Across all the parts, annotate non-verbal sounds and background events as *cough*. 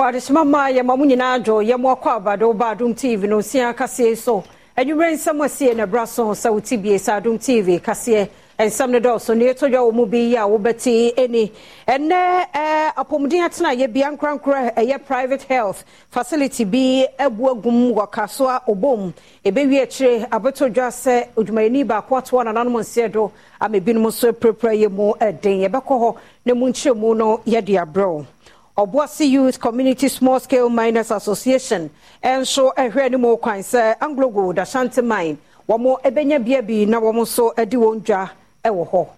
wɔadesoma ma yɛma mo nyinaa adwo yɛma ɔkɔ abado ba adom tv no nsia kaseɛ so anwummerɛ nsɛm asie na bra so sɛ bie sɛ adom tv kaseɛ nsɛm no dɔɔso ne yɛtɔ dwa wɔ mu bi yi a wobɛte ɛnɛ eh, apɔmuden atena nkorankora ɛyɛ eh, private health facility bi abu agum wɔ kasoa akyire abɛtɔ dwa sɛ odwumayɛni baako atoa nseɛ do ama ebinom nso apirapira yɛ mu ɛden yɛbɛkɔ hɔ na mu nkyerɛ Obwasi Youth Community Small Scale Miners Association nso ɛhwɛ ne mu kwan sɛ Anglo Gold Ashanti Mine wɔn ɛbɛnya bea bi na wɔn nso ɛde wɔn dwa ɛwɔ hɔ.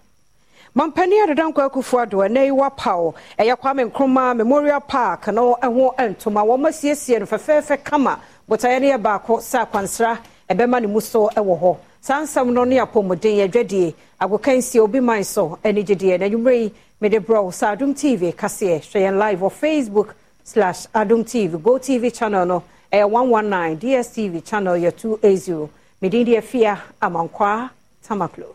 Mampanin Adedankwa Akufo Addo ɛnna yi wapaw ɛyɛ Kwame Nkrumah Memorial Park na ɛho ntoma wɔn asiesie no fɛfɛɛfɛ kama botaeɛ no yɛ baako sɛ akwansra ɛbɛma ne mu so ɛwɔ hɔ. Saa nsɛm no ne apɔmuden yɛdwadie agokansie obi man so ɛne gyedeɛ na nwumire yi mede brɛ Adum tv kasie hwɛ live or facebook slash Adum tv go tv channel no ɛyɛ eh, 119 dstv channel yatu 280 medin deɛ fia amankwaa tamaklo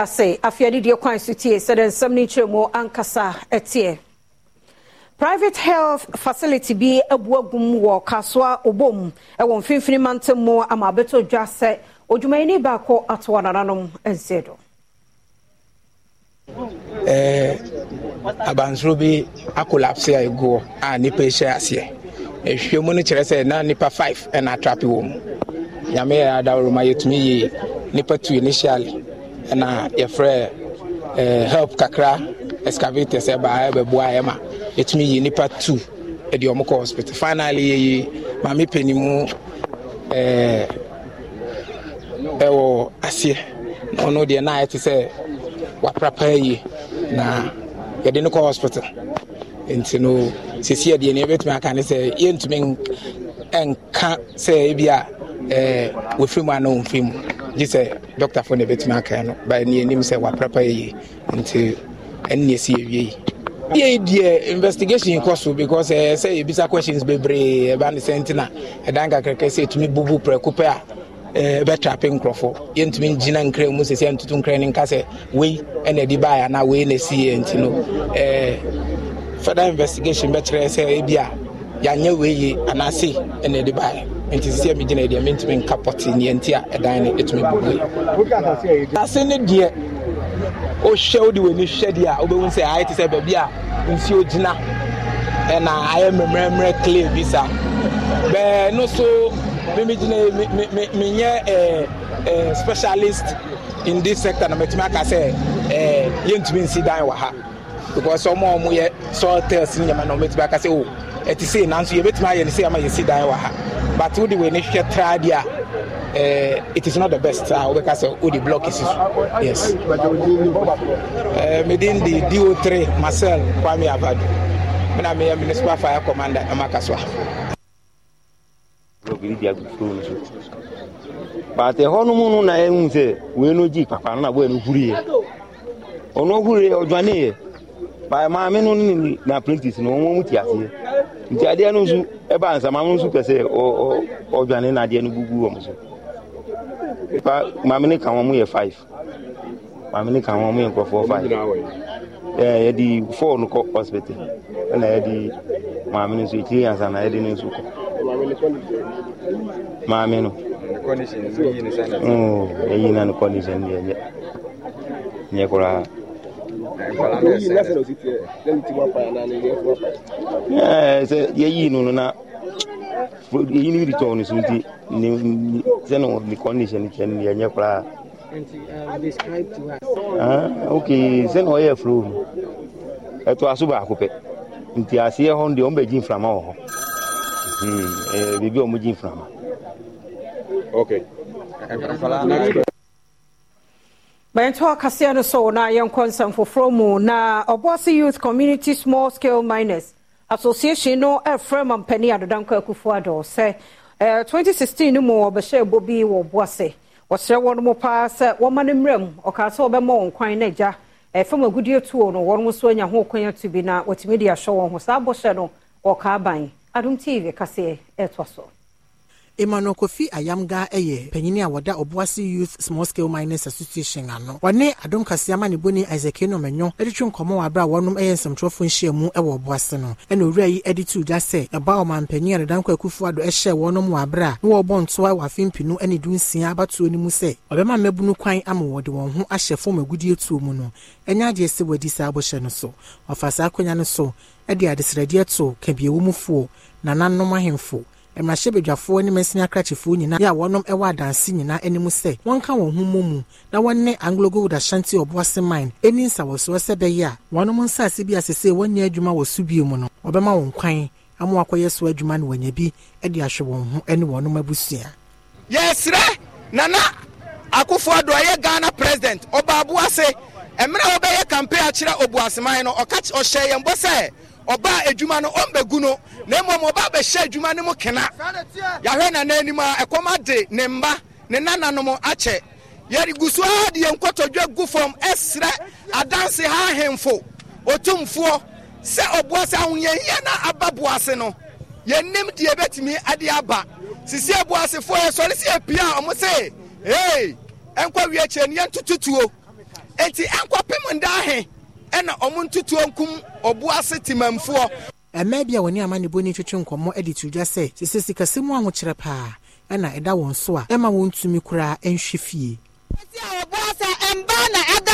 ase afei adidiɛ kwan so tie sɛde nsɛm no nkyerɛ mu ankasa e teɛ private health facility bi abu e agum wɔ kasoa obom e wɔ mfimfini mantam mu ama abɛtɔ dwa sɛ odwumayɛni baako atoa nananom nsie do abansoro bi akolapse a ɛguɔ a nnipa ɛhyɛ aseɛ ɛhwɛ mu no kyerɛ sɛ na nnipa 5 ɛna atrape wɔ mu nyame yɛ adaworoma yɛtumi yie nnipa tu initially na yɛfrɛ eh, help kakra excavators ɛbaa ɛbɛboa yɛ ma yɛtumi yi nipa two ɛde ɔmo kɔ hospital finally yɛyi maame panyin mu ɛɛ eh, ɛwɔ aseɛ na ɔno deɛ naa yɛte sɛ waprapa yie na yɛde no kɔ hospital nti no sisi ɛdeɛ nea yɛbɛtumi aka ne sɛ yɛntumi nka sɛ ebi a ɛɛ eh, wɔfiri mu anaa wɔmfiri mu gye sɛ dɔktafoɔ na ɛbɛtumi aka no ba ne anim sɛ waprapa yɛye nti ɛne ne ɛsi yɛwie yi yɛi deɛ investigation kɔ so because ɛɛ eh, sɛ yɛbisa questions bebree ɛba ne sɛ nti na ɛdan kakraka sɛ ɛtumi bubu prɛko pɛ a eh, ɛbɛtrape nkurɔfoɔ yɛntumi ngyina nkra mu sɛ sɛ yɛntoto nkra no nka sɛ wei ɛna ɛde baeɛ anaa wei na ɛsiyɛ nti no eh, federal investigation bɛkyerɛ sɛ ebi a yɛanyɛ wei yie anaase ɛna ɛde baeɛ nti sisi mi gyina deɛ mentumi nka pɔte neɛ nti a ɛdan no ɛtumi bubue ase ne deɛ wohwɛ wode w'ani hwɛ deɛ a wobɛhu sɛ ayɛ te sɛ baabi a nsuo gyina ɛna ayɛ mmerɛmmerɛ clay bi saa bɛɛ no so memigyina menyɛ eh, eh, specialist in this sector na matumi aka sɛ eh, yɛntumi nsi dan wɔ ha because ɔmo a ɔmo yɛ sɔɔ tɛls nyɛma na ɔmo atumi aka sɛ o ɛte sei nanso yɛbɛtumi ayɛ ne sei ama yɛsi dan wɔ ha but wode wei ne hwehwɛ traa deɛ a it is not the best eh, a wobɛka sɛ wode block si so yes medin de do3 marcel kwame avado mena meyɛ municipal fire commander ɛmaka so a but ɛhɔ e no mu no na ɛhu sɛ wei no gyi papa no na boɛ no huriɛ ɔno huriɛ ɔdwaneɛ but maame no ne na practice. no ɔwɔ mu ti aseɛ nti adeɛ no nso ɛba nsama no nso pɛ sɛ ɔdwane no adeɛ no gugu wɔm so pa maame ne ka wɔn mo yɛ five maame ne ka wɔn mo yɛ nkurɔfoɔ five ɛɛ yɛde four no kɔ hospital ɛna yɛde maame no nso yansa na yɛde no nso kɔ maame no mm, deɛ nyɛ koraa. sɛ yɛyii no na yɛyi no bi tɔn no so nti sɛne ne condition kyɛ no yɛnyɛ ok sɛne ɔyɛ flow no ɛtoa so baako pɛ nti aseɛ hɔ no deɛ ɔmbɛgye mframa wɔ hɔ biribi a ɔmogye mframa okay. okay bɛnto akaseɛ no so na yɛnkɔ nsɛm foforɔ mu na ɔboase youth community small scale miners association no ɛfrɛ ma mpani adodankɔ akufo adɔɔ sɛ 2016 eh, no mu ɔbɛhyɛ ɛbɔ bi wɔ ɔboase wɔkyerɛ wɔn mo paa sɛ wɔma no mmerɛ mu ɔkaa sɛ wɔbɛma wɔn kwan no agya ɛfam eh, agudie tuo no wɔn nso anya ho kwan atu bi na wɔtumi de ahyɛ wɔn ho saa bɔhyɛ no ɔkaa ban adom tv kaseɛ ɛɛtoa so emmanuel kofi ayamga yɛ panyin a wɔda ɔboase youth small scale miners association ano wɔne adom kaseama ne boni isaac enum enyo de twe nkɔmɔ wɔ abere a wɔnom yɛ nsɛmtwerɛfo nhyiamu wɔ ɔboase no ɛna owura yi de tu da sɛ ɛba ɔmanpanyin a dadanko akufo ado hyɛ wɔnom wɔ abere a na wɔrebɔ ntoa wɔ afempinu ne dunsia abatoɔ no mu sɛ ɔbɛma mmabunu kwan ama wɔde wɔn ho ahyɛ fam agudie tuo mu no ɛnyɛ adeɛ sɛ wɔadi saa abɔhyɛ no so wɔfa saa akonnwa no so ɛde adesrɛdeɛ to kabiawɔ mufoɔ nananom ahemfo mmarahyɛbadwafoɔ ne mɛsini akrakyefoɔ nyinaa yɛ a wɔnom wɔ adanse nyinaa anim sɛ wɔnka wɔn ho mmɔ mu na wɔne anglo gold ashanti ɔboase mine ani nsawɔsoɔ sɛ bɛyɛ a wɔnom nsase bi asese wɔnyɛ adwuma wɔ so bio mu no wɔbɛma wɔn kwan ama wakɔyɛ so adwuma no wɔnya bi de ahwɛ wɔn ho ne wɔnom abusua yɛsrɛ nana akufo adɔ ɛyɛ ghana president ɔbaabo ase mmerɛ a wɔbɛyɛ campaign akyerɛ obuaseman no ɔhyɛ yɛn ɔba adwuma no ɔmbɛgu no na mmom ɔba bɛhyɛ adwuma no mu kena yɛahwɛ na anim a ɛkɔm ade ne mba ne nananom akyɛ yɛgu so a de yɛnkɔtɔdwa gu fam ɛsrɛ adanse ha ahemfo ɔtumfoɔ sɛ ɔboa sɛ ahoyɛhia no aba boase no yɛnim deɛ bɛtumi ade aba sisi aboasefoɔ yɛsɔre sɛ yɛpia a ɔmo se ei ɛnkɔ wiakyerɛ no yɛntototuo enti ɛnkɔpem nda ahe ɛna ɔmo ntutuo nkum ɔbo ase temamfoɔ mmaa bi a wɔne amanneɛbɔ ni twetwe nkɔmmɔ de to dwa sɛ sesɛ sikasɛm ahokyerɛ paa ɛna ɛda wɔn so a ɛma wɔntumi koraa nhwe fie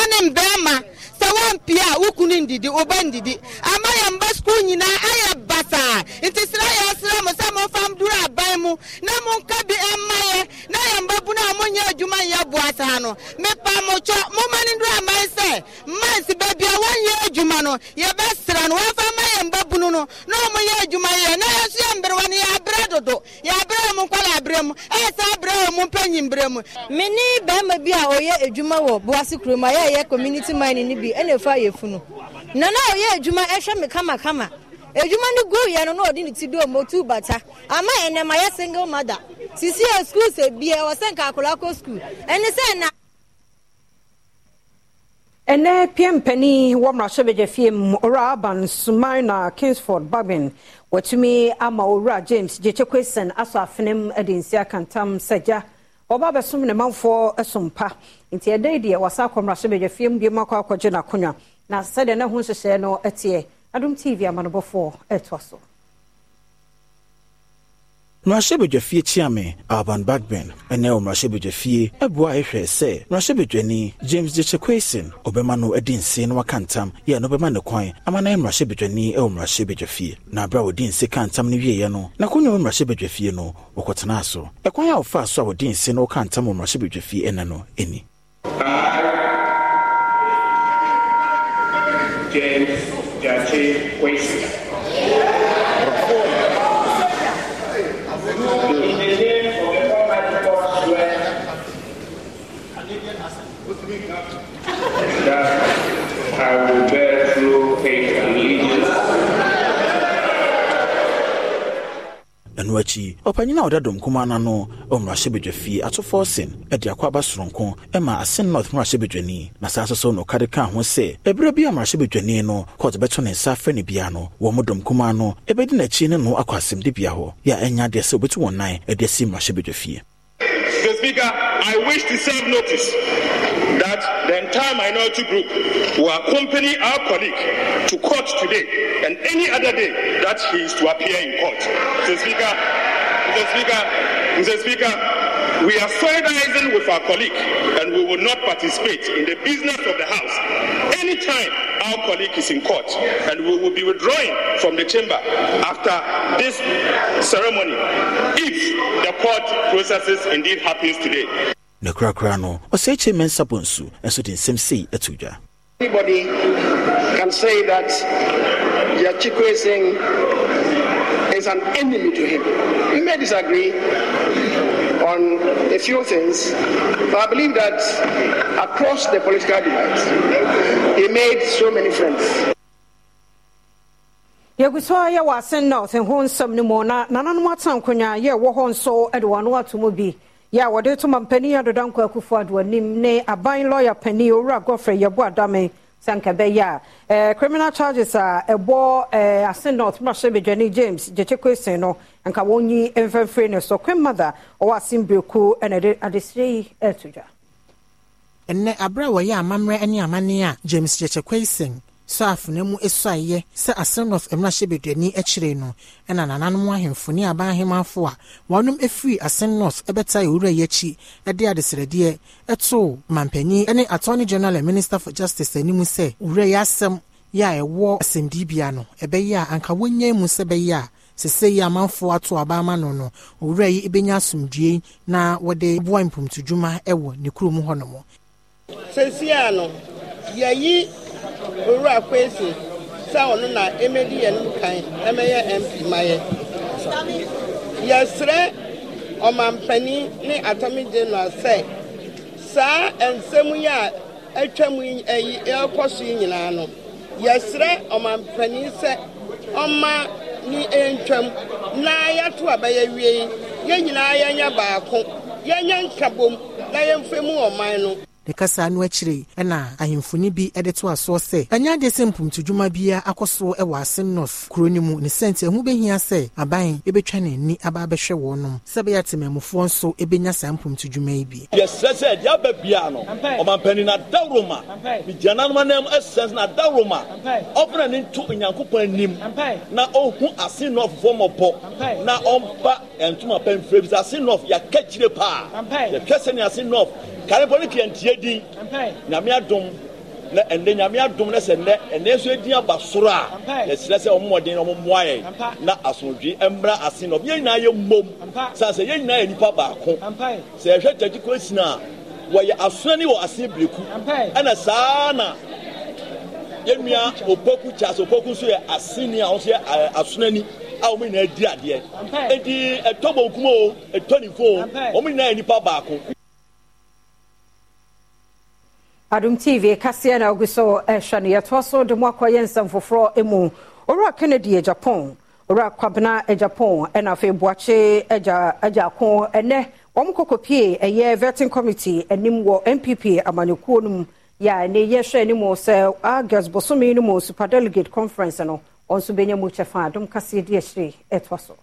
ne mbarima sɛ wompie a wo kunu ndidi woba ndidi ama yɛ mba skul nyinaa ayɛ aba saa nti srɛ yɛ srɛ mo sɛ momfam duru aban mu na monka bi ɛmma yɛ na yɛmbabu no a monyɛ adwuma nyɛ boa saa no mepa mo kyɔ moma no duru aman sɛ mans baabia wɔnyɛ adwuma no yɛbɛsrɛ no wɔmfa ma yɛmbabunu no na ɔmonyɛ adwuma yɛ na yɛ so yɛ mberewa no yɛabrɛ dodo yɛabrɛ mu nkɔla abrɛ mu ɛyɛ saa abrɛ wɔ mu mpa nyimbrɛ mu mene bɛrima bi a ɔyɛ adwuma wɔ boase kurom yɛyɛ community mine no bi ɛna ɛfa yɛfu no na ɔyɛ adwuma ɛhwɛ me kamakama edwuma no gu yɛ no na ɔde ne ti do mu bata ama ɛnɛm ayɛ single mother sisi yɛ sukuu sɛ bie ɛwɔ sɛ nka akwadaa kɔ sukuu ɛne sɛ na. ɛnɛ pm panin wɔ mmarahyɛbagya fie mu ɔwura aban suman na kingsford babin wɔtumi ama owura james gyekye kwesan asɔ afenem de nsi akantam sɛ gya ɔba bɛsom ne manfoɔ e sompa nti ɛdɛ e deɛ wasa akɔ mmarahyɛbagya fie mu biom akɔ akɔgye n'akonnwa na sɛdeɛ ne ho nhyehyɛ no e teɛ adom tv amanobɔfoɔ ɛtoa so mmarahyɛbadwafie kyiame alban badben ɛnɛ wɔ mmarahyɛbadwafie ɛboa a ɛhwɛɛ sɛ mmarahyɛbadwani james gyekye kwason ɔbɛma no adi nse na waka ntam yɛ no bɛma ne kwan ama na yɛ mmarahyɛbadwani ɛwɔ mmarahyɛbadwafie na abere a wɔdi nse ka ntam no wieeɛ no n'akonnwa wɔ mmarahyɛbadwafie no wɔkɔtenaa so ɛkwan a wɔfaa so a wɔdi nse na wɔka ntam wɔ mmarahyɛbadwafie ɛnɛ no ɛni James ser conhecida. no akyi ɔpanyin a ɔda dɔm kumaa n'ano ɔmmarahyɛbadwafie atofoɔ sen de akɔ aba soronko ma asen north mmarahyɛbadwani na saa nso so na ɔkade kaa ho sɛ ɛberɛ bi a mmarahyɛbadwani no kɔɔt bɛto ne nsa afrɛ ne bia no wɔn mo dɔm kumaa no ɛbɛdi n'akyi ne no akɔ asɛmdibea hɔ yɛ a ɛnya adeɛ sɛ obɛtu wɔn nan de asi mmarahyɛbadwafie Mr. Speaker, I wish to serve notice that the entire minority group will accompany our colleague to court today and any other day that he is to appear in court. Mr. Speaker, Mr. Speaker, Mr. Speaker, we are solidarizing with our colleague and we will not participate in the business of the House Anytime our colleague is in court, and we will be withdrawing from the chamber after this ceremony, if the court processes indeed happens today. nokorakora no ɔsɛ kyerɛ mɛ nsu ɛnso de nsɛm sei ato dwa Anybody can say that Yachiko Singh is an enemy to him. We may disagree on a few things, but I believe that across the political divide, He made so many friends. yɛguso a yɛwɔ asen north ho nsɛm no mu na nananom ata nkonnwa yɛ ɛwɔ hɔ nso de wɔn ano ato mu bi yɛ a wɔde to ma adoda nkɔ akufo ado ne aban lawyer panin owura gofre yɛbo adame sanka bɛyɛ eh, a criminal charges a ɛbɔ ɛɛ eh, asen north mmarahyɛ badwani james gyekye kwesin no nka wɔn nyi ne so queen mother ɔwɔ asen bereku ɛna ɛde yi ɛɛto dwa ɛnɛ abere a wɔyɛ amammerɛ ne amanneɛ a james kyekyekwesen sɔafo no mu esu ayɛ sɛ asrenof mmarahyɛbaduani akyire no ɛna nananom ahemfo ne aban ahemafo a wɔnom efiri asrenof ɛbɛta ewura yi akyi ɛde adesrɛdeɛ ɛto mampanyin ɛne attorney general and minister for justice anim sɛ wura yi asɛm yɛ a ɛwɔ asɛmdibea no ɛbɛyɛ a anka wɔnyɛ mu sɛ ɛbɛyɛ a sese yi amanfoɔ ato abaama no no owura yi ebenya asomdue na wɔde boa mpomtodwuma ɛwɔ ne kurom hɔnom a no yɛyi owura kwesi sɛ ɔno na emedi yɛn mu kan ɛmɛyɛ mp mayɛ yɛsrɛ ɔmampanin ne atami general sɛ saa nsɛm yi a atwa mu ɛyi ɛkɔ so yi nyinaa no yɛsrɛ ɔmampanin sɛ ɔma ne ntwam na yɛto a bɛyɛ wie yi yɛn nyinaa yɛnyɛ baako yɛnyɛ nkabom na yɛmfa mu ɔman no ne kasa no akyire ɛna ahemfo bi de to asoɔ sɛ ɛnyɛ adeɛ sɛ mpomtodwuma biara akɔ so wɔ asɛm north kuro no mu ne sɛnti ɛho bɛhia sɛ aban ɛbɛtwa ne ani aba abɛhwɛ wɔnom sɛ bɛyɛ atemammufoɔ nso ɛbɛnya saa mpomtodwuma yi bi yɛsrɛ sɛ de aba bia no ɔmampani no adaworo ma megyananoma nam asɛ no adaworo ma ɔbra ne nto onyankopɔn anim na ɔhu ase northfoɔ mmɔbɔ na ɔmpa ntoma pɛmfrɛ bi sɛ ase nɔf yɛaka kyire paa yɛhwɛ sɛne ase nɔf karepɔ no kliantie din nyame adom na ɛnɛ nyame adom na sɛ nnɛ ɛnɛ nso ɛdin aba soro a yɛsrɛ sɛ ɔmɔden na ɔmommoa yɛn na asomdwe ɛmmra ase nɔf yɛn nyinaa yɛ mmom san sɛ yɛn nyinaa yɛ nnipa baako sɛ yɛhwɛ tagyi kɔ asina a wɔyɛ asonani wɔ ase bereku ɛna saa na yɛnnua opoku kyase opoku nso yɛ aseni a ɔnso yɛ asonani a wɔn nyinaa di adeɛ eti ɛtɔ bɔ nkuma o ɛtɔ nifa o wɔn na yɛ nipa baako. Adum tv kaseɛ na ɔgu so ɛhwɛ no yɛtoa so de mu akɔyɛ nsɛm foforɔ mu owura kennedy ɛ japan owura kwabena ɛ japan ɛna afei buakye agya ako ɛnɛ wɔn kɔkɔpie ɛyɛ vetting committee anim wɔ npp amanyɔkuo no mu yɛ a yɛhwɛ anim sɛ august bosome no mu super delegate conference no ɔnso bɛnya mu kyɛfa adom kaseɛ di akyire ɛtoa so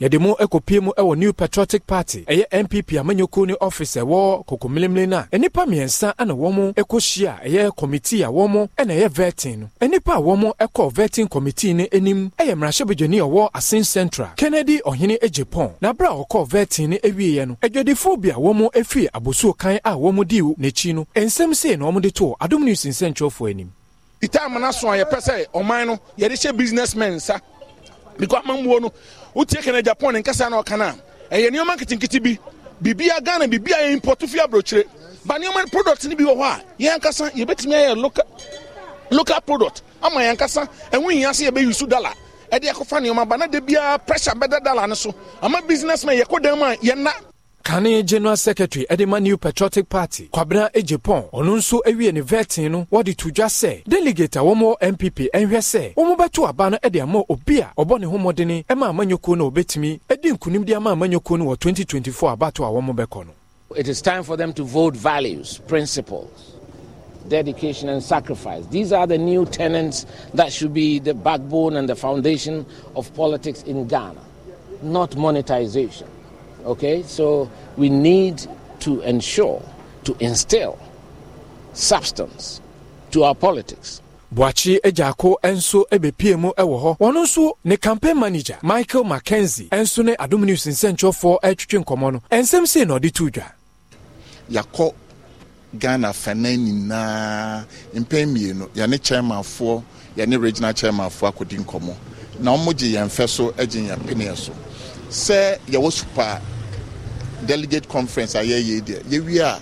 yɛde mu kɔpie mu wɔ new patriotic party ɛyɛ npp amanyɔkuo ne ɔfice ɛwɔ kokomilimili no a nnipa mmiɛnsa ana wɔn kɔhyia a ɛyɛ kɔmitii a wɔn na ɛyɛ vetting no nnipa a wɔn kɔɔ vetting committee no anim yɛ mmarahyɛbadwani ɔwɔ asen central kennedy ɔhene agye pɔn na bere a ɔkɔɔ vetting no awieɛ no adwadifoɔ bi a wɔn afiri abosuo kan a wɔn dii n'akyi no nsɛm sei na wɔde too adom news nsɛntwerɛfoɔ anim peter amana so a yɛpɛ sɛ ɔman no yɛde hyɛ businessmen nsa because amammuo no wotie kana japan ne nkasa na ɔka no a ɛyɛ nneɔma nketenkete bi biribia ghana biribia yɛ impɔto fi aborɔkyire ba nneɔma product no bi wɔ hɔ a yɛn ankasa yɛbɛtumi ayɛ local local product ama yɛn ankasa ɛho hia sɛ yɛbɛyusu dollar ɛde ɛkɔfa nneɔma ba na da biara pressure bɛda dollar no so ama businessmen yɛkɔ dan mu kane general secretary edema new patriotic party kwabena egyepon ɔno nso awie ne vetting no wɔde to dwa sɛ delegate a wɔn wɔ npp ɛnhwɛ sɛ wɔn bɛto aba no ɛde ama obi a ɔbɔ ne ho mmɔden ɛma amanyɔkuo no obetumi ɛdi nkunim de ama amanyɔkuo no wɔ 2024 abato a wɔn bɛkɔ no. It is time for them to vote values, principles, dedication, and sacrifice. These are the new tenets that should be the backbone and the foundation of politics in Ghana, not monetization. Okay, so we need to ensure, to instill substance to our politics. Buachi Ejako nso ebepie mu wɔ hɔ. Wɔn nso ne campaign manager Michael McKenzie nso ne Adum News nsɛnkyɛwfoɔ retwitwe nkɔmɔ no. Nsɛm sei na ɔde tu dwa. Yakɔ Ghana fanan nyinaa mpɛn mmienu yɛne chairmanfoɔ yɛne regional chairmanfoɔ akɔdi nkɔmɔ na wɔn gye yɛn fɛ so gye yɛn peneɛ so sɛ yɛwɔ super delegate conference a yɛyɛ deɛ yɛwie a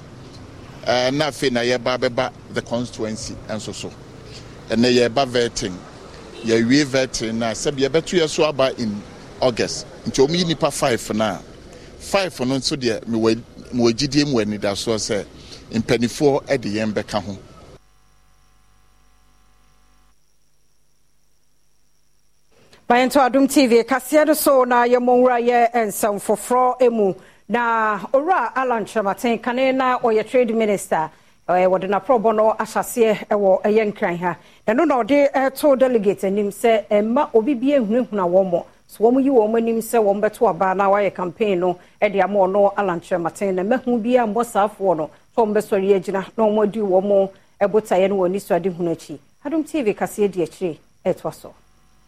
uh, na afei na yɛba bɛba the constituency nso so ɛnɛ yɛba vetting yɛwie vetting na sɛbi yɛbɛto yɛ so aba in august nti wɔn yi nipa five na five no nso deɛ mewɔ mewɔ gyidie mu anidasoɔ sɛ mpanimfoɔ de yɛn bɛka ho. bayɛnto adom tv kaseɛ no so na yɛmmɔwura yɛ nsɛm foforɔ mu na owura alan nkyerɛmaten kane na ɔyɛ trade minister wɔde n'aprɔbɔ no ahyɛseɛ wɔ ɛyɛ nkran ha ɛno na ɔde ɛto eh, delegate anim sɛ ɛma eh, obi bi ehunahuna wɔn mo so wɔn yi wɔn anim sɛ wɔn bɛto aba na wɔayɛ campaign no ɛde ama ɔno alan nkyerɛmaten na mɛhu bi a mbɔsaafoɔ no sɛ wɔn bɛsɔre agyina na wɔn adi wɔn eh, botaeɛ no wɔn ani so adehunu akyi adum tv kaseɛ di akyire ɛtoa so.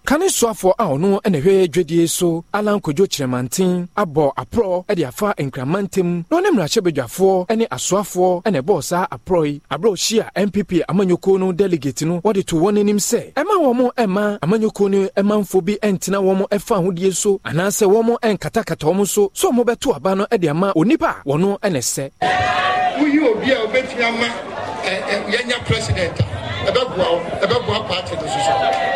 kane soafoɔ a ɔno na ɛhwɛ dwadie so alan kodwo kyerɛmanten abɔ aporɔ de afa nkraman ntam na ɔne mmarahyɛbadwafoɔ ne asoafoɔ na ɛbɔɔ saa aporɔ yi aberɛ ɔhyia npp amanyɔkuo no delegate no wɔde to wɔn anim sɛ ɛma wɔn ɛma amanyɔkuo no ɛmanfoɔ bi ntena wɔn ɛfa ahodie so anaasɛ wɔn nkatakata wɔn so so wɔn bɛto aba no de ama onipa a wɔno na ɛsɛ. woyi obi a obetumi ama yɛnya president a ɛbɛboa party no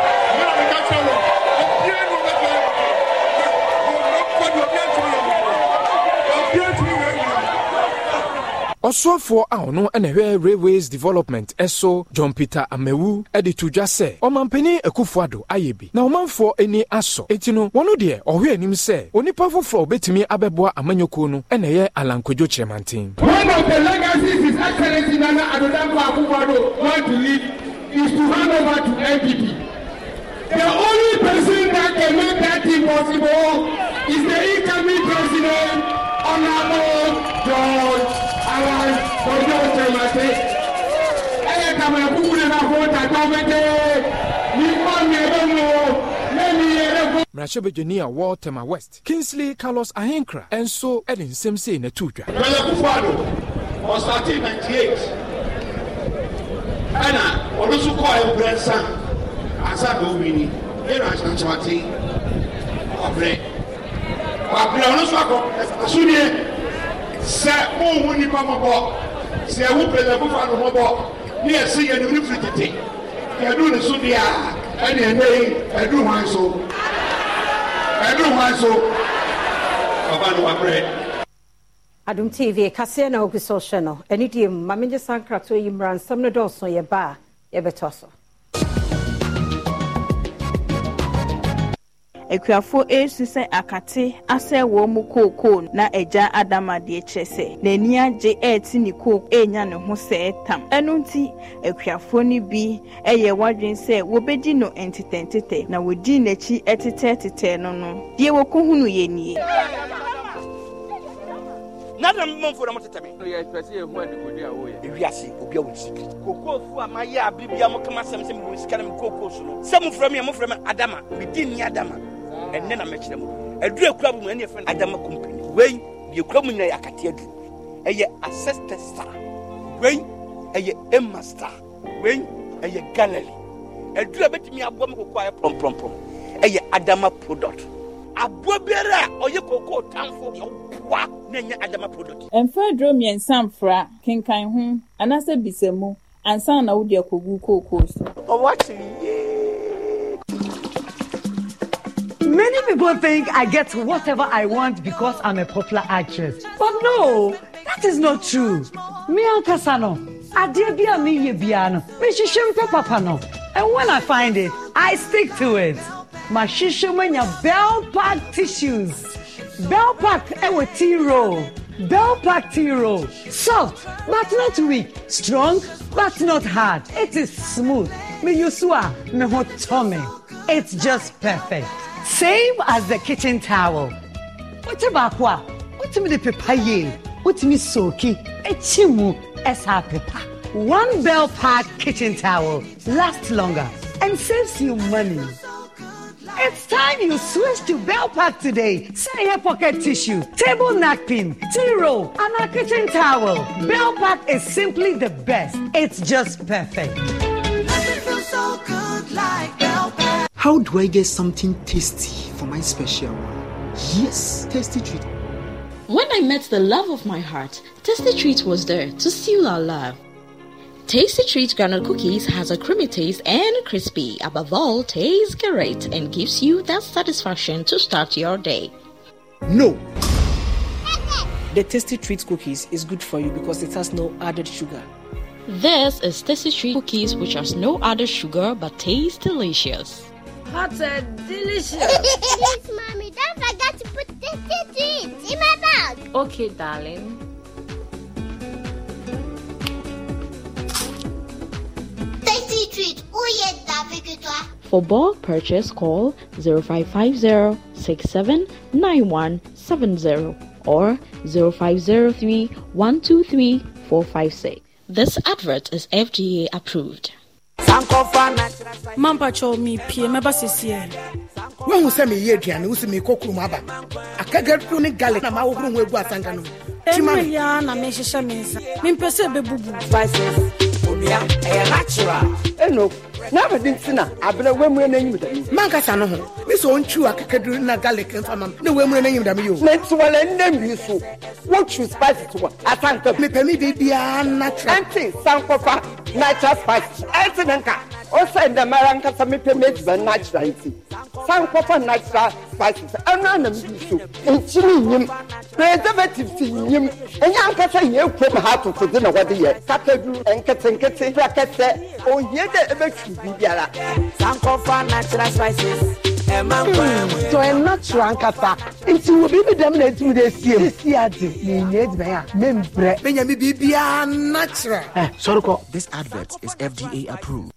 ɔsɔfoɔ a ɔno na ɛhwɛ railways development so john peter amewu de to dwa sɛ ɔmampanin akufoado ayɛ bi na ɔmanfoɔ ani asɔ enti no wɔno deɛ ɔhwɛ anim sɛ onipa foforɔ obetumi abɛboa amanyɔkuo no na ɛyɛ alankodwo kyerɛmanten one of the legacies is excellency nana adodapo akufoado want to leave is to hand over to npp the only person that can make that thing possible is the incoming president honorable george our Kojo Temate. Ẹyẹ kàmá kúkú lè máa tàgbà mẹ́tẹ́ ní kọ́ọ̀nù ẹ̀rọ mu lẹ́nu ẹ̀rọ. mmarahyɛbadwani a wɔ tema west kingsley carlos ahenkra nso de nsɛm sei na to dwa bɛyɛ kufoɔ ado ɔsate 98 ɛna ɔno so kɔɔ ɛbrɛ nsa ansa na ɔwini yɛna ahyɛnkyɛmate ɔbrɛ ɔabrɛ ɔno so akɔ asonneɛ sɛ wohu nipa mɔbɔ sɛ ɛwu pɛlɛbu fa no mɔbɔ ne yɛse yɛnim ne firi tete yɛdu ne so deɛ a ɛne ɛnɛ yi ɛdu hwan so ɛdu hwan so ɔba no wabrɛ adom tv kaseɛ na wogu sɛ wohwɛ no ɛne deɛ mu ma menye sankra to yi mmara nsɛm no dɔɔso yɛba a yɛbɛtɔ so akuafo esu sɛ akate asɛ wɔn mu kookoo na agya adama deɛ kyerɛ sɛ n'ani agye ɛɛte ne kook ɛɛnya ne ho sɛ ɛtam ɛno nti akuafo no bi ɛyɛ wadwin sɛ wɔbɛdi no ntetɛntetɛ na wɔdi n'akyi ɛtetɛtetɛ no no deɛ wɔkɔ hunu yɛ nie. nada mmɔmfo na motetɛ me ewiase obi a wɔn sikiri a mayɛ abiribia mo kama sɛm sɛ mewɔ sika na me kokoo so no sɛ mofrɛ me a mofrɛ me adama medi nni adama ɛnɛ na mɛkyerɛ mu aduru ekura mu ɛne yɛfrɛ no adama company wei deɛ ekura mu nyinaa yɛ akate aduru ɛyɛ ancestor star wei ɛyɛ emma star wei ɛyɛ gallery aduru a bɛtumi aboa mu kɔkɔɔ ayɛ pɔmpɔmpɔm ɛyɛ adama product aboa biara a ɔyɛ kɔkɔɔ tanfo ɔboa na ɛnyɛ adama product. mfra duro mmiɛnsa mfra kenkan ho anaasɛ bisamu ansa na wode akɔgu kookoo so. ɔwɔ akyere yie. Many people think I get whatever I want because I'm a popular actress. But no, that is not true. Me and Kasano, Adebia me yebiano, me shishimpe papano. And when I find it, I stick to it. My shishimanya bell pack tissues. Bell pack ewe tea roll. Bell pack tea roll. Soft, but not weak. Strong, but not hard. It is smooth. Me yusua, me hot tummy. It's just perfect same as the kitchen towel wote baako a wotumi de pepa yie wotumi sooki ekyi mu ɛsa pepa one bell pad kitchen towel lasts longer and saves you money. It's time you switch to Bell Pack today. Say your pocket tissue, table napkin, tea roll, and a kitchen towel. Bell Pack is simply the best. It's just perfect. How do I get something tasty for my special one? Yes, tasty treat. When I met the love of my heart, Tasty Treat was there to seal our love. Tasty Treat granola cookies has a creamy taste and crispy. Above all, tastes great and gives you that satisfaction to start your day. No. *laughs* The Tasty Treat cookies is good for you because it has no added sugar. This is Tasty Treat cookies which has no added sugar but tastes delicious. Hot and delicious. Please, Mommy. Don't forget to put this, seeds in my bag. Okay, darling. Tasty treat. Oh, for bulk purchase, call 0550-679170 or 0503-123-456. This advert is FDA approved. mampakyɛ mepie mɛba sesie woahu sɛ meyɛ aduane wo sɛ meekɔ kurom aba akagadu ne na mawohoro ho agu asanka no ɛnoyɛa na mehyehyɛ me nsa mempɛ sɛ bɛbubu na nti na aberɛ wammura no anyim mankasa no ho me ntu akakaduru na garlic mfa na na mmiri so spices mepɛ natural natural spices ɛnti ne nka ɔsɛ ndɛmara nkasa mepɛ mɛdiba natural nti san kɔfa natural spices ɛno anam bi so nkyini nyim preservatives nyim ɛnyɛ ankasa yɛ kurom ha atotode na wɔde yɛ kakadu nketenkete prakɛsɛ ohie dɛ ɛbɛtwi biribiara san kɔfa natural spices join natural nkata nti wo biribi dɛm na etumi de esie esie adi na enye edumɛ a ne mbrɛ. benyami biribiara natural. ɛ sɔrɔ kɔ. this advert is fda approved.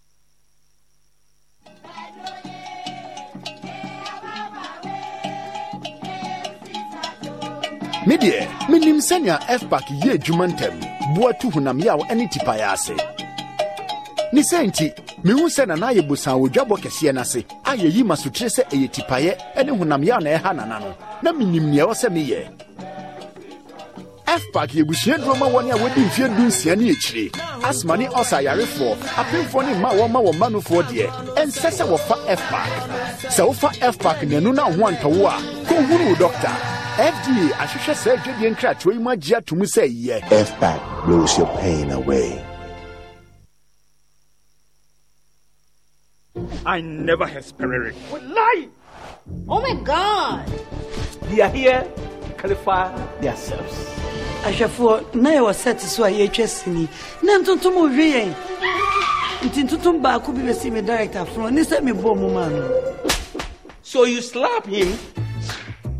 medeɛ menim sɛnea fpak yɛ adwuma ntɛm boa tu honam yaw ne tipayɛ ase ne sɛ nti mehu sɛ nana ayɛ bosan wɔ kɛseɛ no ase a yɛyi ma sotire sɛ ɛyɛ tipayɛ ne honamyɛ a na ɛha nana no na menim nea ɛwɔ sɛ meyɛ fpak yɛbusua duro ma wɔne a wɔdi mfeɛ du ne akyire asma ne ɔsa ayarefoɔ apemfoɔ ne mma wɔma wɔ mma nofoɔ deɛ ɛnsɛ sɛ wɔfa fpak sɛ wofa fpak nanu na ho antɔwo a kɔhunu wo dɔkta fda ahwehwɛ saa adwadeɛ nkratoɔ yi mu agye ato sɛ yɛ fpak blows your pain away I never experienced. We lie. Oh my God. They are here, clarify themselves. now na yɛwɔ set to your so a yɛatwa sini I'm ntontom ɔhwe yɛn I'm ntontom baako bi bɛsi me director fono ne sɛ mebɔɔ mu maa no so you slap him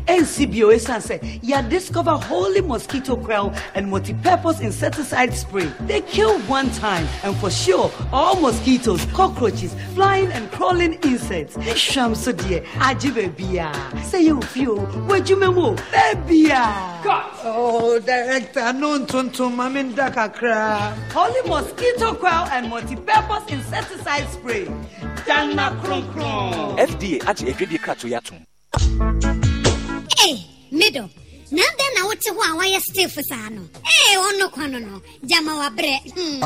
NCBO esan sɛ ya discover holy mosquito coil and multi-purpose insecticide spray. They kill one time and for sure all mosquitoes, cockroaches, flying and crawling insects. Sham so dear, ajibe bia. Say you feel wejume wo bebia. Oh, director, no tuntum mamin dakakra. Holy mosquito coil and multi-purpose insecticide spray. Dana krum krum. FDA ati edwedi krato yatum. Hey, middle. na dɛn na wote hɔ a wayɛ stef saa no ee ɔno kwa no no gyama wabrɛ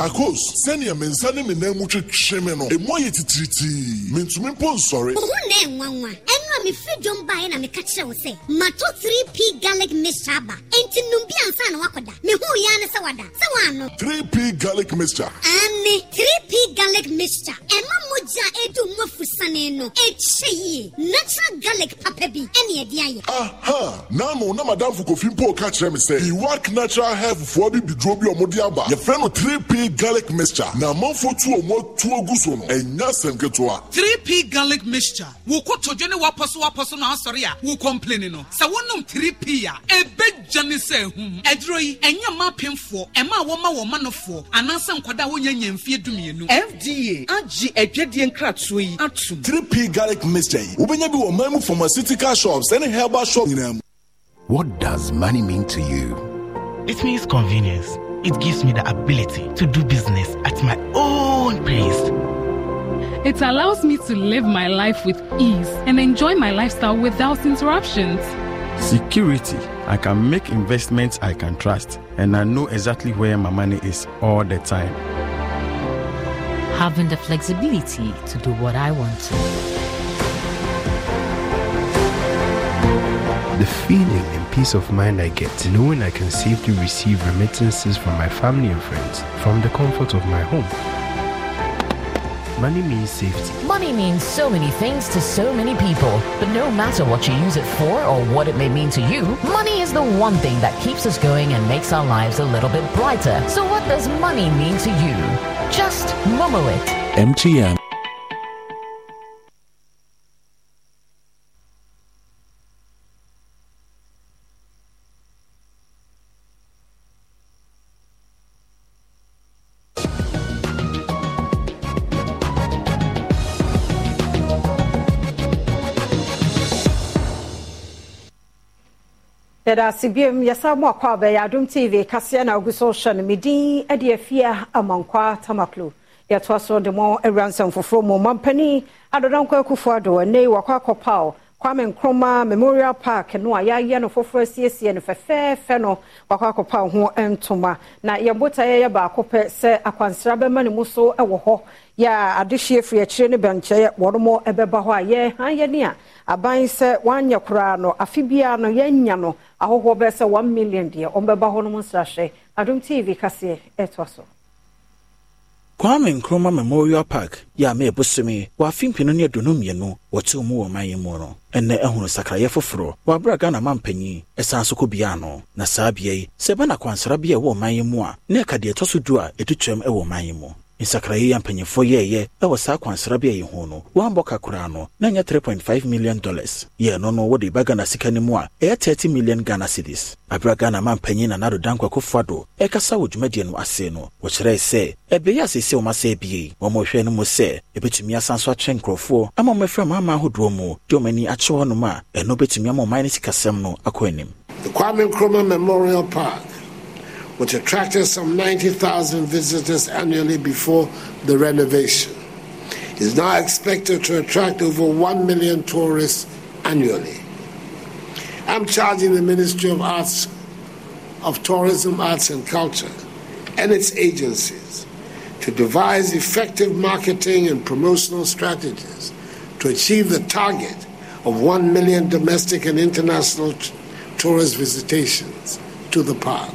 akos sɛnea me nsa ne me nan mu twetwe me no ɛmu ayɛ titiritii mentumi mpo nsɔre ohu na ɛnwanwa ɛno a mefiri dwom baeɛ na meka kyerɛ wo sɛ mato 3p garlic mixture aba nti num bi ansa na wakɔda mehu ya ne sɛ wada sɛ waano 3p garlic mixture ane Three p garlic mixture ɛma mogya a ɛdu mu afusane no ɛkyɛ yie natural garlic papa bi ɛne ɛde ayɛ aha nano na madamfo kofi mpo ka kyerɛ me sɛ iwak natural healthfoɔ bi biduro bi ɔmode aba yɛfrɛ no 3p garlic mixture na amanfo tu ɔmo atuo gu so no ɛnya sɛm ketewa 3p garlic mixture wo kotodwe ne wapɔ so wapɔ so na asɔre a wo complain no sɛ wonom 3p a ɛbɛgya ne sɛ ehum. ɛduro yi ɛnyɛ mmaa pimfoɔ ɛmaa wɔma wɔn manofoɔ anaasɛ nkɔda wɔnyɛ nyɛ mfie dumienu. fda agye adwadie nkratoɔ yi atum. three p garlic mixture yi wobɛnya bi wɔ man pharmaceutical shops ɛne herbal shop what does money mean to you. it means convenience. it gives me the ability to do business at my own pace. It allows me to live my life with ease and enjoy my lifestyle without interruptions. Security. I can make investments I can trust, and I know exactly where my money is all the time. Having the flexibility to do what I want to. The feeling and peace of mind I get knowing I can safely receive remittances from my family and friends from the comfort of my home. Money means safety. Money means so many things to so many people. But no matter what you use it for or what it may mean to you, money is the one thing that keeps us going and makes our lives a little bit brighter. So what does money mean to you? Just Momo it. MTN yɛda ase biom yɛsa mu akɔ a adom tv kaseɛ na agu so hyɛ no medin de afia amankwa tamaclo yɛtoa so de mɔ awura nsɛm foforɔ mu mampani adɔdankɔ akufoɔ ado ɛnei wakɔ akɔpaw kwame nkroma memorial park no a yɛayɛ no foforɔ asiesie no fɛfɛɛfɛ no wakɔ akɔpaw ho ntoma na yɛbotaeɛ yɛ baako pɛ sɛ akwansra bɛma ne mu so wɔ hɔ yɛ adehyeɛ firi akyire ne bɛnkyɛ wɔnom ɛbɛba hɔ a yɛ han yɛ ne a aban sɛ wanyɛ koraa no afe biara no yɛanya no ahohoɔ bɛɛ sɛ 1 million deɛ ɔmbɛba hɔ nom nsrahwɛ adom tv kaseɛ eh, ɛtoa so kwame nkroma memorial park yɛ a ma ɛbosome wɔ afe mpino ne aduonu mmienu wɔtew mu wɔ ɔman yi mu no ɛnɛ ɛhono eh, sakraeɛ foforɔ wɔ abere a ghana ɛsan eh, so kɔbiaa no na saa bea yi sɛ ɛbɛna akwansrabea ɛwɔ ɔman yi mu a na ɛka deɛ ɛtɔ so du a ɛdu ɛwɔ ɔman yi mu nsakraeyi a mpanyimfoɔ yɛɛyɛ ɛwɔ saa akwansrabea yi ho no wɔambɔ kakora no na ɛnyɛ 3.5 million dollars yɛɛ no no wɔde ba ghana sika no mu a ɛyɛ 30 million ghana cedis abera ghana ma mpanyin nanado dankwakofoa do ɛkasa wɔ dwumadie no ase no wɔkyerɛe sɛ ɛbɛyɛ asɛsɛ wɔm asa abie wɔmɔhwɛ no mu sɛ ɛbɛtumi asan so akyerɛ nkurɔfoɔ ama ɔmɛfrɛ maama ahodoɔ mu de ɔm ani akyɛ hɔ nom a ɛno bɛtumi ama ɔman no sikasɛm no akɔ anim The Kwame Nkrumah Memorial Park which attracted some 90,000 visitors annually before the renovation. is now expected to attract over 1 million tourists annually. I'm charging the Ministry of Arts, of Tourism, Arts and Culture, and its agencies to devise effective marketing and promotional strategies to achieve the target of 1 million domestic and international t- tourist visitations to the park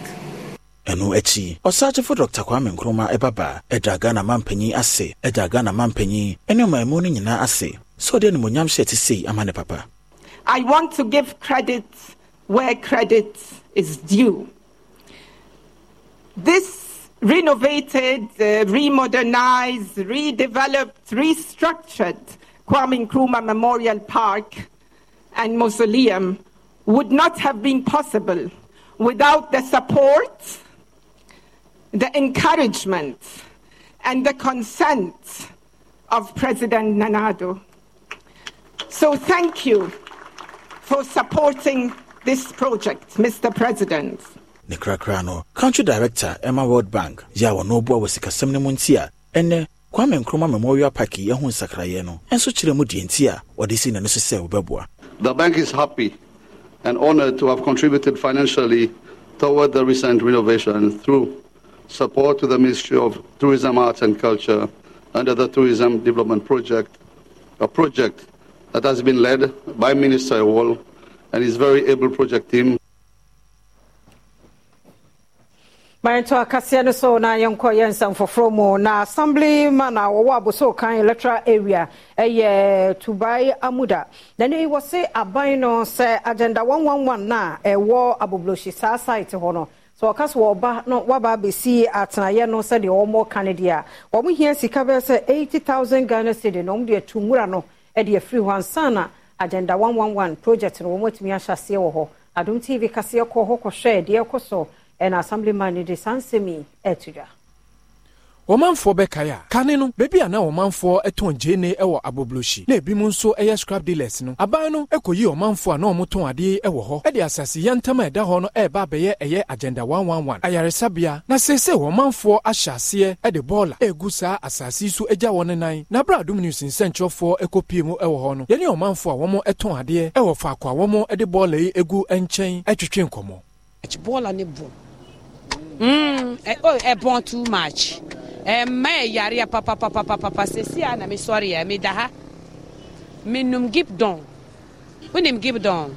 ɛno akyi ɔsaagyefo dr kwame nkroma ɛbaba ɛda ghana mampanyin ase ɛda ghana mampanyin ɛne ɔmanmu no nyinaa ase sɛ ɔde animonyam hyɛ te sei ama ne papa i want to give credit where credit is due this renovated uh, remodernized redeveloped restructured kwame nkruma memorial park and mausoleum would not have been possible without the support the encouragement and the consent of President Nanado. So thank you for supporting this project, Mr. President. ne korakora no country director ɛma world bank yɛ a wɔno ɔboa and sikasɛm no mu nti a ɛnɛ kwame nkroma memorial park yɛho nsakraeɛ And ɛnso kyerɛ mu deɛ the a wɔde si n'ani so sɛ wɔbɛboa the bank is happy and honored to have contributed financially toward the recent renovation through support to the Ministry of Tourism, Arts and Culture under the Tourism Development Project, a project that has been led by Minister Wall and his very able project team. mayɛntɔ akaseɛ no so na yɛnkɔ yɛ nsɛm foforɔ mu na assembly man a wɔwɔ aboso kan electoral area ɛyɛ tubai amuda nane wɔ se aban no sɛ agenda 111 na ɛwɔ aboblohyisa site hɔ no so ɔka so ɔba no waba abɛsi atenaeɛ no sɛdeɛ wɔmmɔ ka no deɛ a wɔn hia sika bɛyɛ sɛ eighty ghana cedi na wɔn de atu nwura no de afiri hɔ ansa na agenda 111 project no wɔn atumi ahyɛ aseɛ wɔ hɔ adum tv kaseɛ kɔɔ hɔ kɔhwɛ deɛ ɛkɔ so ɛna assemblyman no de saa nsɛm yi ɛto dwa. wɔmanfoɔ bɛkae a kane no baabi a na wɔmanfoɔ tɔn gyeene wɔ abobrohyi na ebinom nso yɛ scrap dealers no aban no kɔyii ɔmanfoɔ a na ɔmotɔn adeɛ wɔ hɔ de asase yɛntam a ɛda hɔ no ɛreba abɛyɛ ɛyɛ agenda 111 ayaresabea na sese wɔmanfoɔ ahyɛ aseɛ de bɔɔla egu saa asase yi so agya wɔn nan na bere adum news nsɛnkyerɛfoɔ kɔpie mu wɔ hɔ no yɛne ɔmanfoɔ a wɔn tɔn adeɛ wɔ faako a wɔn de bɔɔla yi egu nkyɛn twetwe nkɔmmɔ. Mm, eh, oh, ɛbɔn eh, too much. Ɛmma eh, yɛ papapapapapa sesi na mesɔre meda ha. Menum gibdon. Wonim gibdon?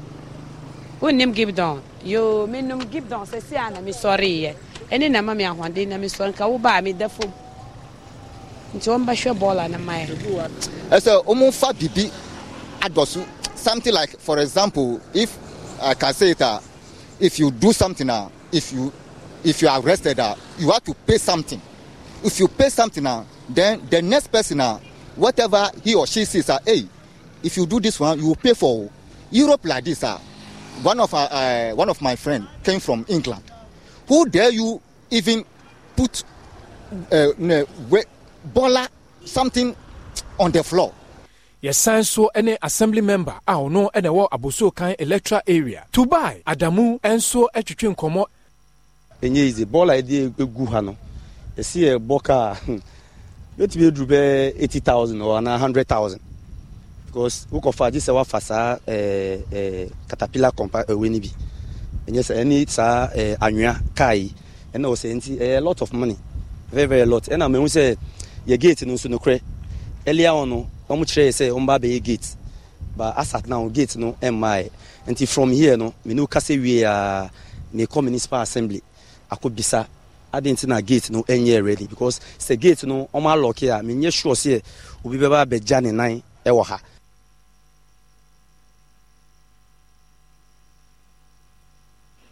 Wonim gibdon? Yo, menum gibdon sesi na mesɔre Ɛne na ma me ahoɔden na mesɔre nka woba meda fam. Nti wɔn bɛhwɛ bɔɔla na ma yɛ. Ɛsɛ wɔn fa bibi adɔso something like for example if I can say it uh, if you do something uh, if you if you are arrested uh, you have to pay something if you pay something uh, then the next person uh, whatever he or she sees uh, hey if you do this one you will pay for europe like this uh, one of our, uh, uh, one of my friend came from england who dare you even put uh, uh, baller something on the floor yɛsan so ne assembly member a ɔno na ɛwɔ abosokan electoral area tubai adamu nso atwitwe nkɔmmɔ ɛnyɛ ize bɔɔl a yɛde egu ha no yɛsi yɛ bɔ kaa yɛtumi edu bɛ eighty thousand or ana hundred thousand because wokɔfa agye sɛ wafa saa ɛɛ ɛɛ katapila kɔmpa ɛwɛ ni bi ɛnyɛ sɛ ɛni saa ɛɛ anwea kaa yi ɛna ɔsɛ nti ɛyɛ lot of money very very lot ɛna mɛ n sɛ yɛ gate no nso nokorɛ earlier on no wɔn kyerɛ yɛ sɛ wɔn ba bɛyɛ gate but asat now gate no ɛmmaa yɛ nti from here no mɛ n'o kasa wie aa mɛ kɔ municipal assembly. akɔbisa adi nti na gate no nyɛ ready because sɛ gate no ɔmo alɔke a menyɛ sure sɛ obi bɛba abɛgya ne nan wɔ ha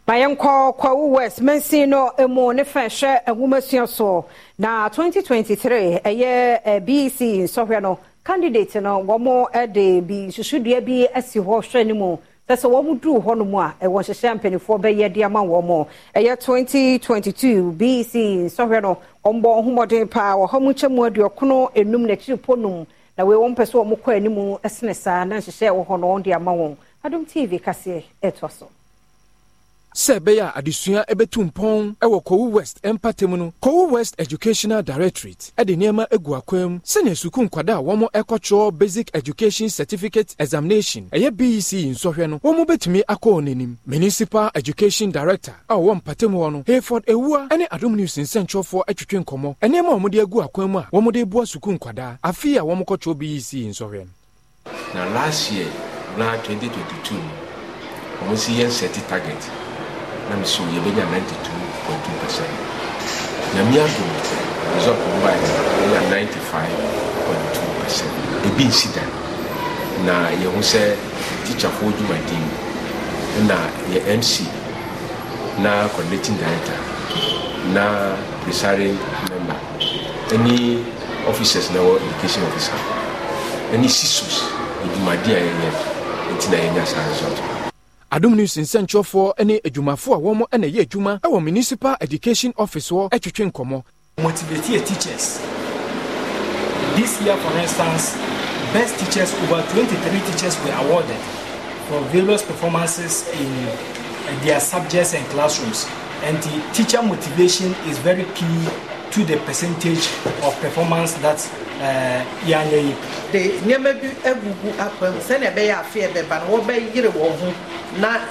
ma yɛnkɔ kwawu west mansin no e mu ne fa hwɛ nwoma so na 2023 ɛyɛ bec nsɔhwɛ no candidate no wɔn e de bi susudua bi asi e hɔ hwɛ no mu sɛ sɛ wɔn duru hɔnom a ɛwɔ hyehyɛ mpanimfoɔ bɛyɛ de ama wɔn ɛyɛ twenty twenty two bec nsɔhwɛ no wɔn bɔ ɔhomɔden paa wɔ hɔ mu nkyɛn mu aduɔkono enum n'akyiri ponum na wei wɔn pɛ sɛ wɔn kɔ anim ɛsene saa na nhyehyɛ wɔ hɔ no wɔn de ama wɔn adum tv kaseɛ ɛɛtɔ so sɛ ɛbɛyɛ a adesua ɛbɛtu mpɔn ɛwɔ kowu west mpatam no kowu west educational directorate ɛde nneɛma egu akwam sɛnea sukuu nkwadaa a wɔn ɛkɔtwerɛ basic education certificate examination ɛyɛ bec nsɔhwɛ no wɔn bɛtumi akɔ n'anim municipal education director a ɔwɔ mpatam hɔ no hayford ewua ɛne adum news nsɛntwerɛfoɔ ɛtwitwi nkɔmɔ ɛnneɛma a wɔde agu akwam mu a wɔde bua sukuu nkwadaa afei a wɔn kɔtwerɛ bec nsɔhwɛ no. na last year na 2022 wɔn si yɛn target na two point two percent nyame adom result ninety-five point two percent ɛbi nsi da na yɛho sɛ tikyafoɔ dwumadin na yɛ mc na coordinating director na presaring member ɛne officers na wɔ education officer ɛne sisos adwumaden a yɛyɛ nti na yɛnya saa result adom news nsɛnkyerɛfoɔ ne a wɔn na ɛyɛ adwuma wɔ municipal education office hɔ twetwe nkɔmmɔ motivate your teachers this year for instance best teachers over twenty-three teachers were awarded for various performances in uh, their subjects and classrooms and the teacher motivation is very key to the percentage of performance that Eh, yɛanyɛ yi de nneɛma bi agugu apam sɛnea ɛbɛyɛ afe a ɛbɛba no wɔbɛyere wɔn ho na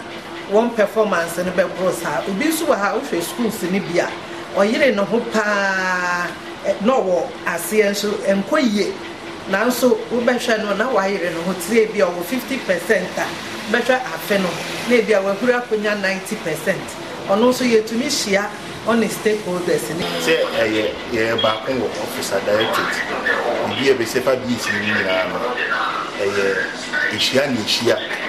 wɔn performance no bɛboro saa obi nso wɔ ha wohwɛ schools no bi a ɔyere ne ho paa eh, na ɔwɔ aseɛ nso nkɔ yie nanso wobɛhwɛ no na wayere ne ho tire bi a ɔwɔ 50 percent a bɛhwɛ afe no na ebi a wahuru akonnwa ninety percent ɔno nso yɛtumi hyia on the stakeholders. Eh? Say, I am back in officer directed. Be a safe beat in Asia and Asia.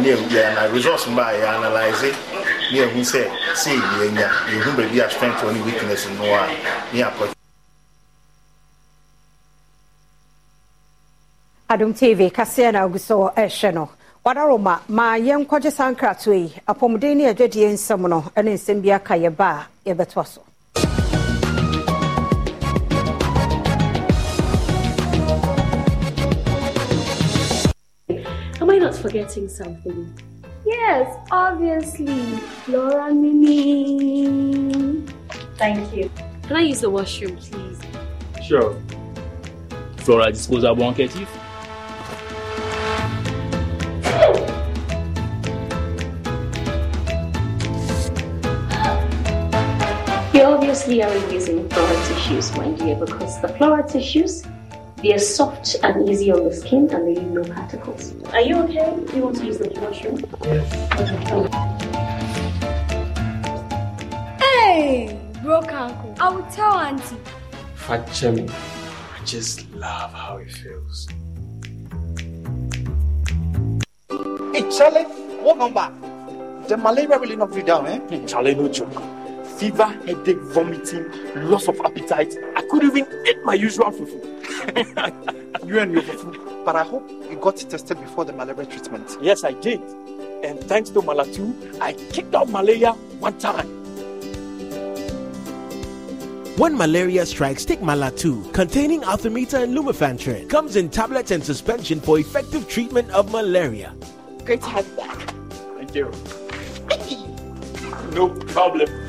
Near Yana resource by analyzing. Near who said, Say, Yana, you remember your strength, only weakness in Noah. Near Adum TV, Cassiana Augusto, Esheno. wada roma ma yɛnkɔgye saa nkrato yi apɔmuden ne adwadie nsɛm no ne nsɛm bi aka ba a yɛbɛtoa so Am I not forgetting something? Yes, obviously. Flora Mimi. Thank you. Can I use the washroom, please? Sure. Flora disposable handkerchief. Obviously, obviously are using floral tissues, my dear, because the floral tissues they are soft and easy on the skin and they leave no particles. Are you okay? You want to use the washroom? Yes. Hey, broke uncle. I will tell auntie. Fat Chemi, I just love how it feels. Hey, Charlie, what number? The malaria really not you down, eh? Charlie, no joke fever, headache, vomiting, loss of appetite. I couldn't even eat my usual fufu. *laughs* you and your fufu. But I hope you got tested before the malaria treatment. Yes, I did. And thanks to Malatu, I kicked out malaria one time. When malaria strikes, take Malatu, containing Arthemeter and Lumefantrin. Comes in tablets and suspension for effective treatment of malaria. Great to have you back. Thank you. no problem.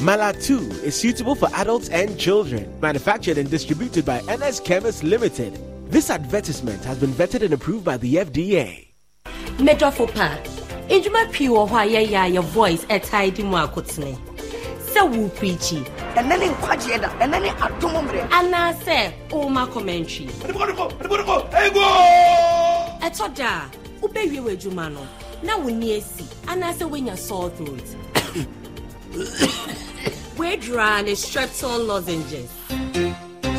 Malatu is suitable for adults and children. Manufactured and distributed by NS Chemist Limited. This advertisement has been vetted and approved by the FDA. Medrofo pa, edwuma pii wɔ hɔ a yɛyɛ a yɛ voice ɛtae di mu akotene. Sɛ wo preachi. Ɛnɛ ne nkwagyeɛ da, ɛnɛ ne adom mmerɛ. Anaasɛ woma commentary. Ɛtɔ da a, wobɛwie wɔ adwuma no, na wo ni asi anaasɛ woanya sore throat. *coughs* Wedran is streptol lozenges.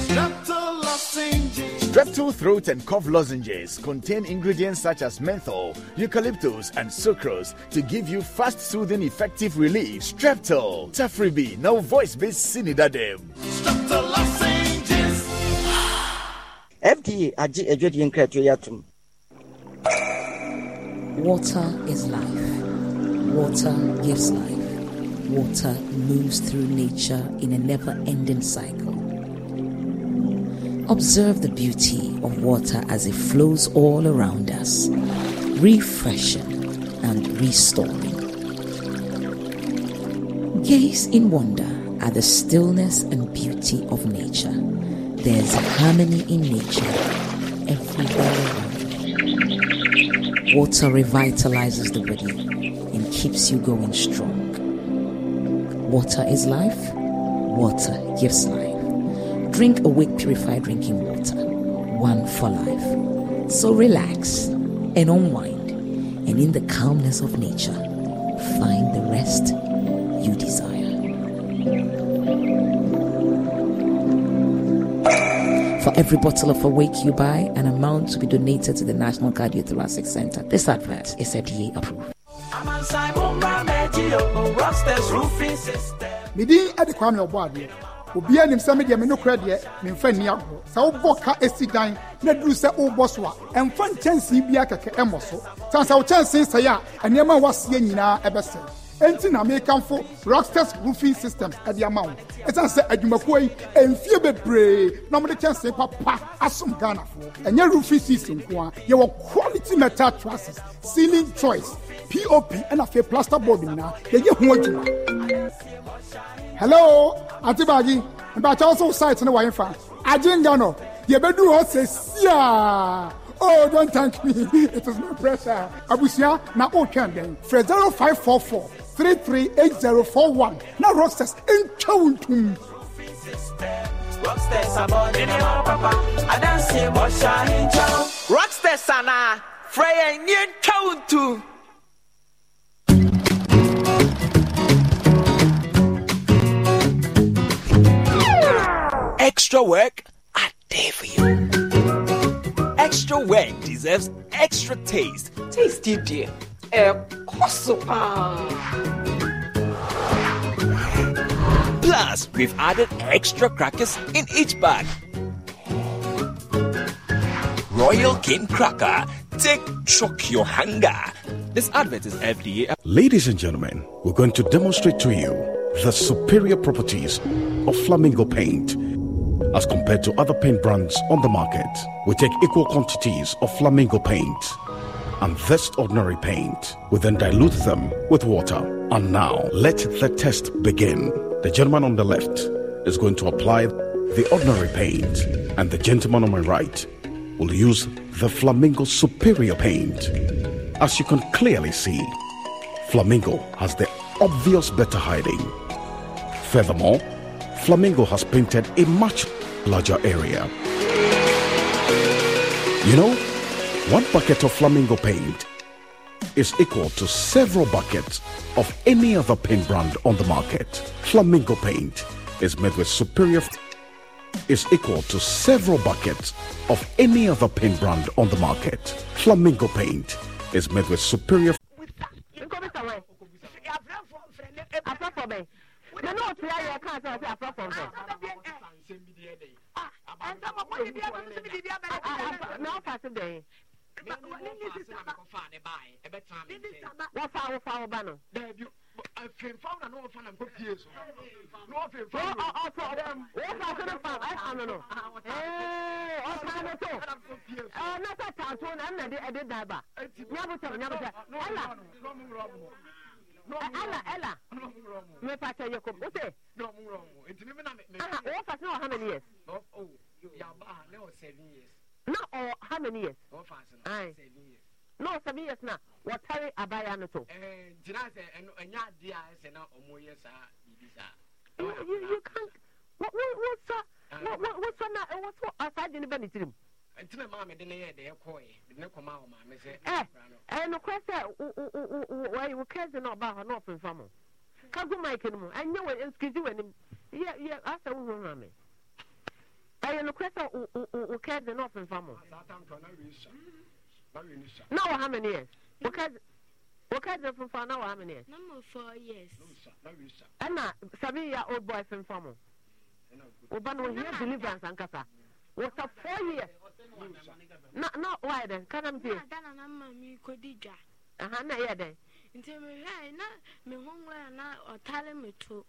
Streptol lozenges. Streptol throat and cough lozenges contain ingredients such as menthol, eucalyptus, and sucrose to give you fast, soothing, effective relief. Streptol, Tafribi, now voice-based Sinidadem. Streptol lozenges. *sighs* FDA aji edwedi nkreto yatum. Water is life. Water gives life water moves through nature in a never ending cycle. Observe the beauty of water as it flows all around us, refreshing and restoring. Gaze in wonder at the stillness and beauty of nature. There's harmony in nature everywhere Water revitalizes the body and keeps you going strong. Water is life. Water gives life. Drink awake purified drinking water. One for life. So relax and unwind, and in the calmness of nature, find the rest you desire. For every bottle of Awake you buy, an amount to be donated to the National Cardiothoracic Center. This advert is FDA approved. me din ɛde kwame ɔbɔ adeɛ obiara nim sɛ medeɛ me nokorɛ deɛ memfa nni agorɔ sɛ wobɔ ka ɛsi dan na duru sɛ wobɔ so a ɛmfa nkyɛnsee biara kɛkɛ ɛmmɔ so san sɛ wo kyɛnsee sɛe a ɛnneɛma a woaseɛ nyinaa ɛbɛsɛe ɛnti na mekamfo rocksters roofing systems ɛde ama wo ɛsiane sɛ adwumakuo yi ɛmfie bebree na ɔmode kyɛnse papa asom ghanafoɔ ɛnyɛ roofing season nko a yɛwɔ quality metal trusses ceiling choice pop ɛna afei plaster board nyinaa yɛyɛ ho adwuma hello ante baagi mpɛakyɛw so wo site ne wɔyɛmfa agyenga no yɛbɛduru hɔ sɛ sia. Oh, don't thank me. *laughs* It is my pressure. Abusia, na o twɛn dɛn. Fred zero five four four 338041 na rosters ntwa wo ntom rocksters anaa frɛ yɛn nie ntwa wo ntom Extra work, I dare for you. Extra work deserves extra taste. Tasty, dear. Uh, Plus, we've added extra crackers in each bag. Royal King Cracker. Take shock your hunger. This advert is FDA. Ladies and gentlemen, we're going to demonstrate to you the superior properties of flamingo paint as compared to other paint brands on the market. We take equal quantities of flamingo paint and this ordinary paint. We then dilute them with water. And now, let the test begin. The gentleman on the left is going to apply the ordinary paint, and the gentleman on my right will use the Flamingo Superior paint. As you can clearly see, Flamingo has the obvious better hiding. Furthermore, Flamingo has painted a much larger area. You know, one bucket of Flamingo paint is equal to several buckets of any other paint brand on the market. Flamingo paint is made with superior is equal to several buckets of any other paint brand on the market. Flamingo paint is made with superior wɔfa wofa wo ba no fɛnfaw na n'o fa na ko fie so n'o fɛnfaw na o sɔ o fa so ne fa ayi fa nono ɛɛ o fa ne to ɛɛ ne tɛ taa to na ɛna de ɛde da ba ɲabutɛ ɲabutɛ ɛla ɛla ɛla mɛ pata yɛ ko o tɛ aha o fa so na o how many years. yaba ne o seven years. Now or uh, how many years. ɔfa ase na seven years. na seven years na wɔtare abaya no to. ɛɛ gyina sɛ you you can't What what wɔ sɔ ah. What what wɔ sɔ na eh, wɔ sɔ asaade ne bɛ ne tirim. ntina eh, maa mi de ne yɛ de yɛ kɔɔ yɛ de ne kɔ maa wɔ maa mi sɛ. ɛ ɛɛ nukura sɛ wo wo wo wo wɔyi na ɔbaa hɔ na ɔfinfa mu kago mu ɛnyɛ wɔ eskiti asɛ wo ɛyɛ nokorɛ sɛ wo cousin na ɔfemfa mo na wɔ hamene yɛ wo cousin femfa na wɔ hamene yɛ ɛna sɛbe yɛ old boy femfa mo woba no wohia deliverance ankasa wɔsa four years na na wayɛ dɛn kanam tie aha na ɛyɛ uh-huh, dɛn nti mehwɛ na me ho na ɔtare me to